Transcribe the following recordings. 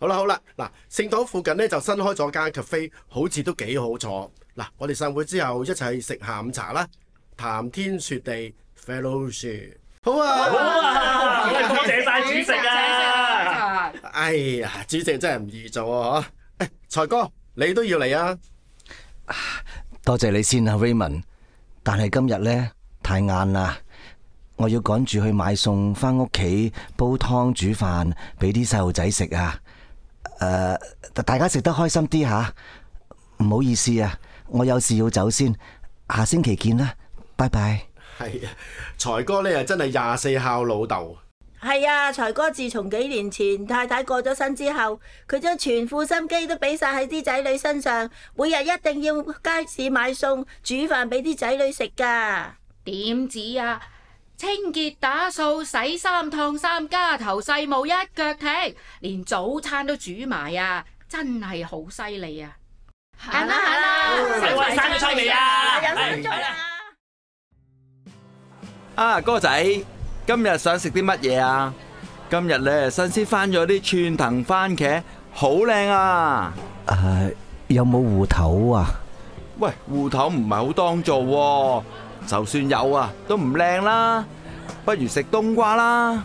好啦好啦，嗱，聖堂附近呢就新開咗間 cafe，好似都幾好坐。嗱，我哋散會之後一齊食下午茶啦，談天說地，fellowship 好啊！好啊！多謝晒主席啊！哎呀，主席真係唔易做啊！嚇，財哥你都要嚟啊！多謝你先啊，Raymond。但係今日呢，太晏啦，我要趕住去買餸，翻屋企煲湯煮飯俾啲細路仔食啊！誒，uh，大家食得開心啲吓，唔好意思啊，我有事要先走先，下星期見啦，拜拜。係啊，財哥呢，咧，真係廿四孝老豆。係啊，財哥自從幾年前太太過咗身之後，佢將全副心機都俾晒喺啲仔女身上，每日一定要街市買餸煮飯俾啲仔女食噶點止啊？清潔打掃洗衫燙衫，家頭細務一腳踢，連早餐都煮埋啊！真係好犀利啊！行啦行啦，細喂生咗出嚟啊！啊哥仔，今日想食啲乜嘢啊？今日咧，新鮮翻咗啲串藤番茄，好靚啊！誒、呃，有冇芋頭啊？喂，芋頭唔係好當造啊。就算有啊，都唔靚啦，不如食冬瓜啦。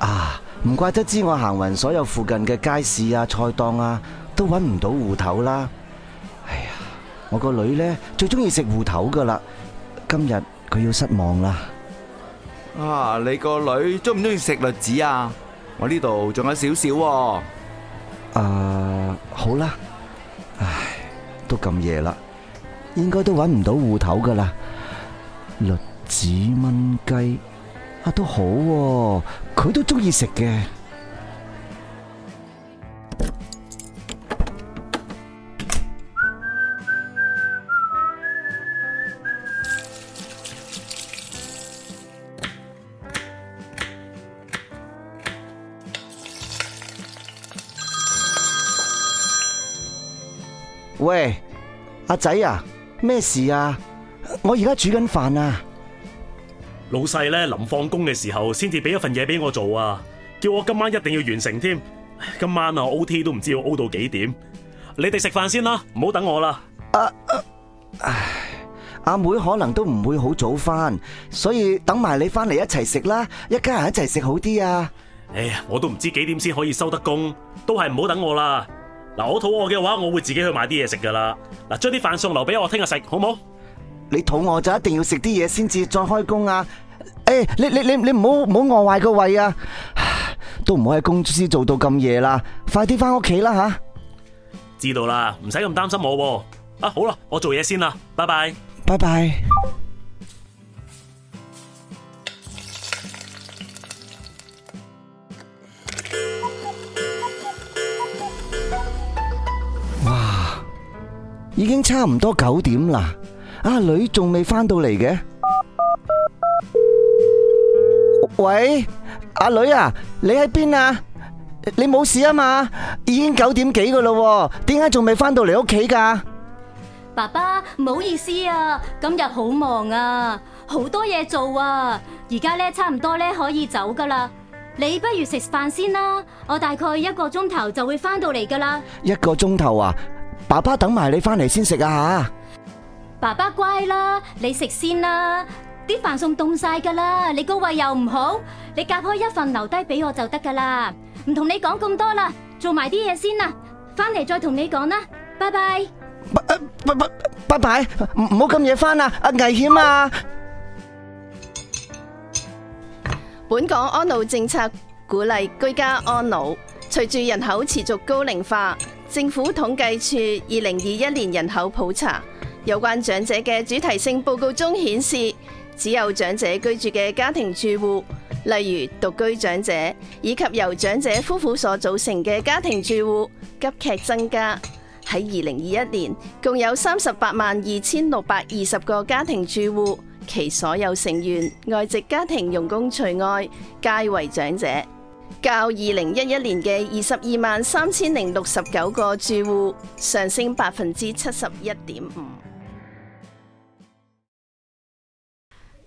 啊，唔怪得知我行匀所有附近嘅街市啊、菜檔啊，都揾唔到芋頭啦。哎呀，我個女呢，最中意食芋頭噶啦，今日佢要失望啦。啊，你個女中唔中意食栗子啊？我呢度仲有少少。啊，好啦。唉，都咁夜啦，應該都揾唔到芋頭噶啦。紫蚊雞啊，都好，啊，佢都中意食嘅。喂，阿仔啊，咩事啊？我而家煮緊飯啊！老細咧，臨放工嘅時候先至俾一份嘢俾我做啊！叫我今晚一定要完成添。今晚啊，O T 都唔知要 O 到幾點？你哋食飯先啦，唔好等我啦。阿阿唉，阿妹可能都唔會好早翻，所以等埋你翻嚟一齊食啦，一家人一齊食好啲啊！哎呀，我都唔知幾點先可以收得工，都係唔好等我啦。嗱，我肚餓嘅話，我會自己去買啲嘢食噶啦。嗱，將啲飯餸留俾我聽日食，好唔好？你肚餓就一定要食啲嘢，先至再開工啊！誒，你你你你唔好唔好餓壞個胃啊！都唔好喺公司做到咁夜啦，快啲翻屋企啦吓！知道啦，唔使咁擔心我喎。啊，好啦，我做嘢先啦，拜拜，拜拜。哇，已經差唔多九點啦。阿、啊、女仲未翻到嚟嘅？喂，阿女啊，你喺邊啊？你冇事啊嘛？已經九點幾噶啦，點解仲未翻到嚟屋企噶？爸爸，唔好意思啊，今日好忙啊，好多嘢做啊，而家咧差唔多咧可以走噶啦。你不如食飯先啦，我大概一個鐘頭就會翻到嚟噶啦。一個鐘頭啊？爸爸等埋你翻嚟先食啊吓！爸爸乖啦，你食先啦，啲飯餸凍晒㗎啦，你個胃又唔好，你隔開一份留低俾我就得㗎啦，唔同你講咁多啦，做埋啲嘢先啦，返嚟再同你講啦，拜拜。拜拜，拜拜，唔好咁夜返啊，啊危險啊！本港安老政策鼓勵居家安老，隨住人口持續高齡化，政府統計處二零二一年人口普查，有關長者嘅主題性報告中顯示，只有長者居住嘅家庭住戶，例如獨居長者，以及由長者夫婦所組成嘅家庭住戶，急劇增加。喺二零二一年，共有三十八萬二千六百二十個家庭住戶，其所有成員（外籍家庭傭工除外）皆為長者，較二零一一年嘅二十二萬三千零六十九個住戶上升百分之七十一點五。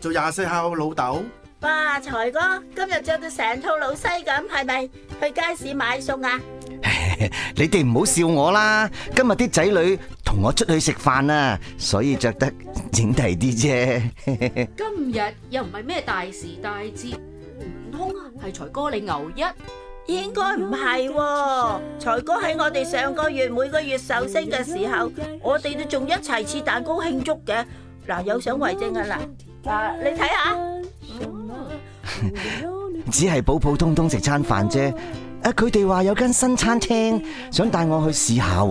做廿四孝老豆，哇！財哥今日着到成套老西咁，係咪去街市買餸啊？你哋唔好笑我啦！今日啲仔女同我出去食飯啊，所以着得整齊啲啫。今日又唔係咩大時大節，唔通係財哥你牛一？應該唔係喎，財哥喺我哋上個月每個月壽星嘅時候，我哋都仲一齊切蛋糕慶祝嘅。嗱，有相為證啊，嗱。嗱，你睇下，只係普普通通食餐飯啫。啊，佢哋話有間新餐廳，想帶我去試下。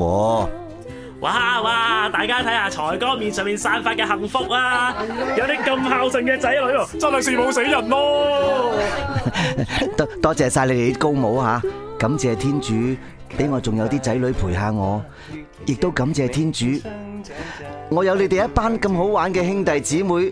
哇哇，大家睇下，財哥面上面散發嘅幸福啊！有啲咁孝順嘅仔女，真係羨慕死人咯、啊。多多謝晒你哋啲高母吓、啊，感謝天主俾我仲有啲仔女陪下我，亦都感謝天主，我有你哋一班咁好玩嘅兄弟姊妹。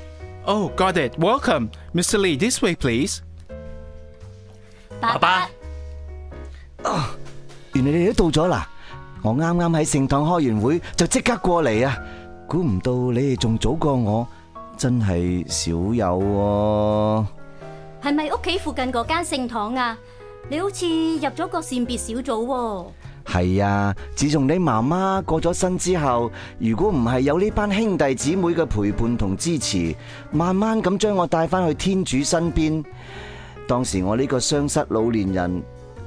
Oh, got it. Welcome, Mr. Lee. This way, please. 爸爸，哦，原來你哋都到咗啦！我啱啱喺聖堂開完會就即刻過嚟啊！估唔到你哋仲早過我，真係少有哦。係咪屋企附近嗰間聖堂啊？你好似入咗個善別小組喎。係啊！自從你媽媽過咗身之後，如果唔係有呢班兄弟姊妹嘅陪伴同支持，慢慢咁將我帶返去天主身邊，當時我呢個雙失老年人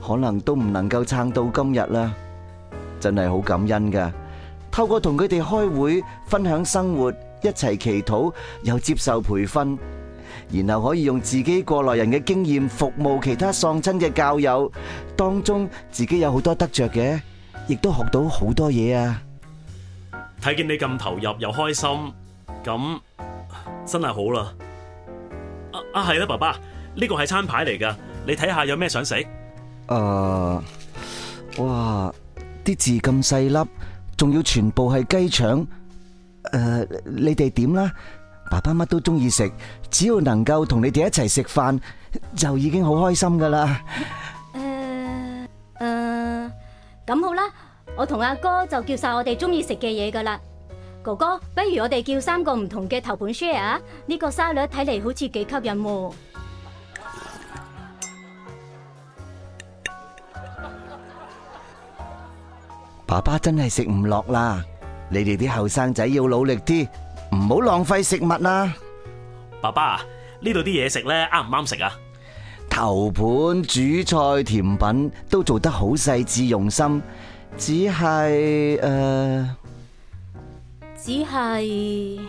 可能都唔能夠撐到今日啦！真係好感恩㗎，透過同佢哋開會分享生活，一齊祈禱又接受培訓。然後可以用自己過來人嘅經驗服務其他喪親嘅教友，當中自己有好多得着嘅，亦都學到好多嘢啊！睇見你咁投入又開心，咁真係好啦！啊啊，係啦，爸爸，呢個係餐牌嚟噶，你睇下有咩想食？啊、呃，哇！啲字咁細粒，仲要全部係雞腸，誒、呃，你哋點啦？爸爸乜都中意食，只要能夠同你哋一齊食飯就已經好開心噶啦。誒誒，咁好啦，我同阿哥就叫晒我哋中意食嘅嘢噶啦。哥哥，不如我哋叫三個唔同嘅頭盤 share 啊？呢個沙律睇嚟好似幾吸引喎。爸爸真係食唔落啦，你哋啲後生仔要努力啲。唔好浪費食物啦，爸爸，呢度啲嘢食咧，啱唔啱食啊？頭盤、主菜、甜品都做得好細致用心，只係誒、呃，只係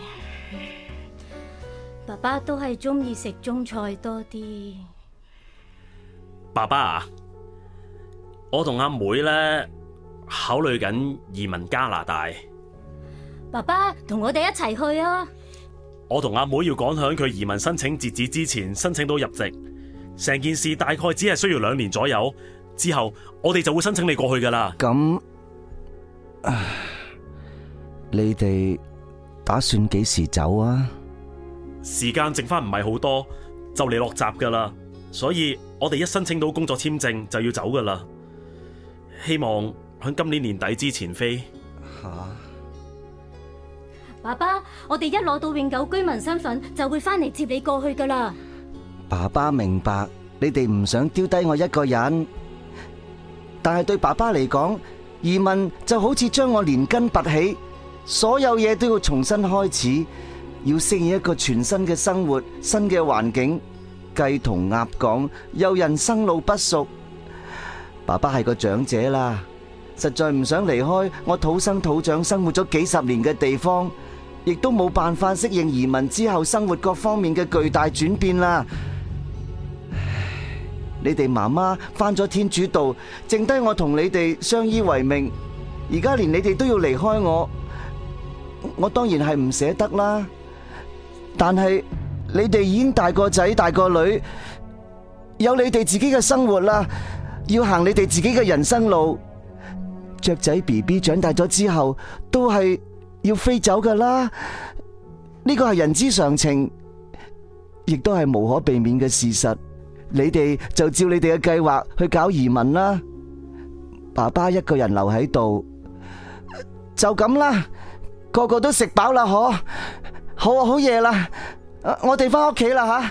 爸爸都係中意食中菜多啲。爸爸啊，我同阿妹咧考慮緊移民加拿大。爸爸同我哋一齊去啊！我同阿妹要趕響佢移民申請截止之前申請到入籍，成件事大概只係需要兩年左右。之後我哋就會申請你過去噶啦。咁，你哋打算幾時走啊？時間剩翻唔係好多，就嚟落閘噶啦，所以我哋一申請到工作簽證就要走噶啦。希望喺今年年底之前飛。吓、啊！爸爸，我哋一攞到永久居民身份，就會翻嚟接你過去噶啦。爸爸明白你哋唔想丟低我一個人，但係對爸爸嚟講，移民就好似將我連根拔起，所有嘢都要重新開始，要適應一個全新嘅生活、新嘅環境。雞同鴨講，又人生路不熟。爸爸係個長者啦，實在唔想離開我土生土長、生活咗幾十年嘅地方。亦都冇辦法適應移民之後生活各方面嘅巨大轉變啦。你哋媽媽翻咗天主道，剩低我同你哋相依為命。而家連你哋都要離開我，我當然係唔捨得啦。但係你哋已經大個仔大個女，有你哋自己嘅生活啦，要行你哋自己嘅人生路。雀仔 BB 長大咗之後，都係。要飛走噶啦，呢個係人之常情，亦都係無可避免嘅事實。你哋就照你哋嘅計劃去搞移民啦。爸爸一個人留喺度，就咁啦。個個都食飽啦，嗬？好啊，好夜啦，我哋翻屋企啦吓。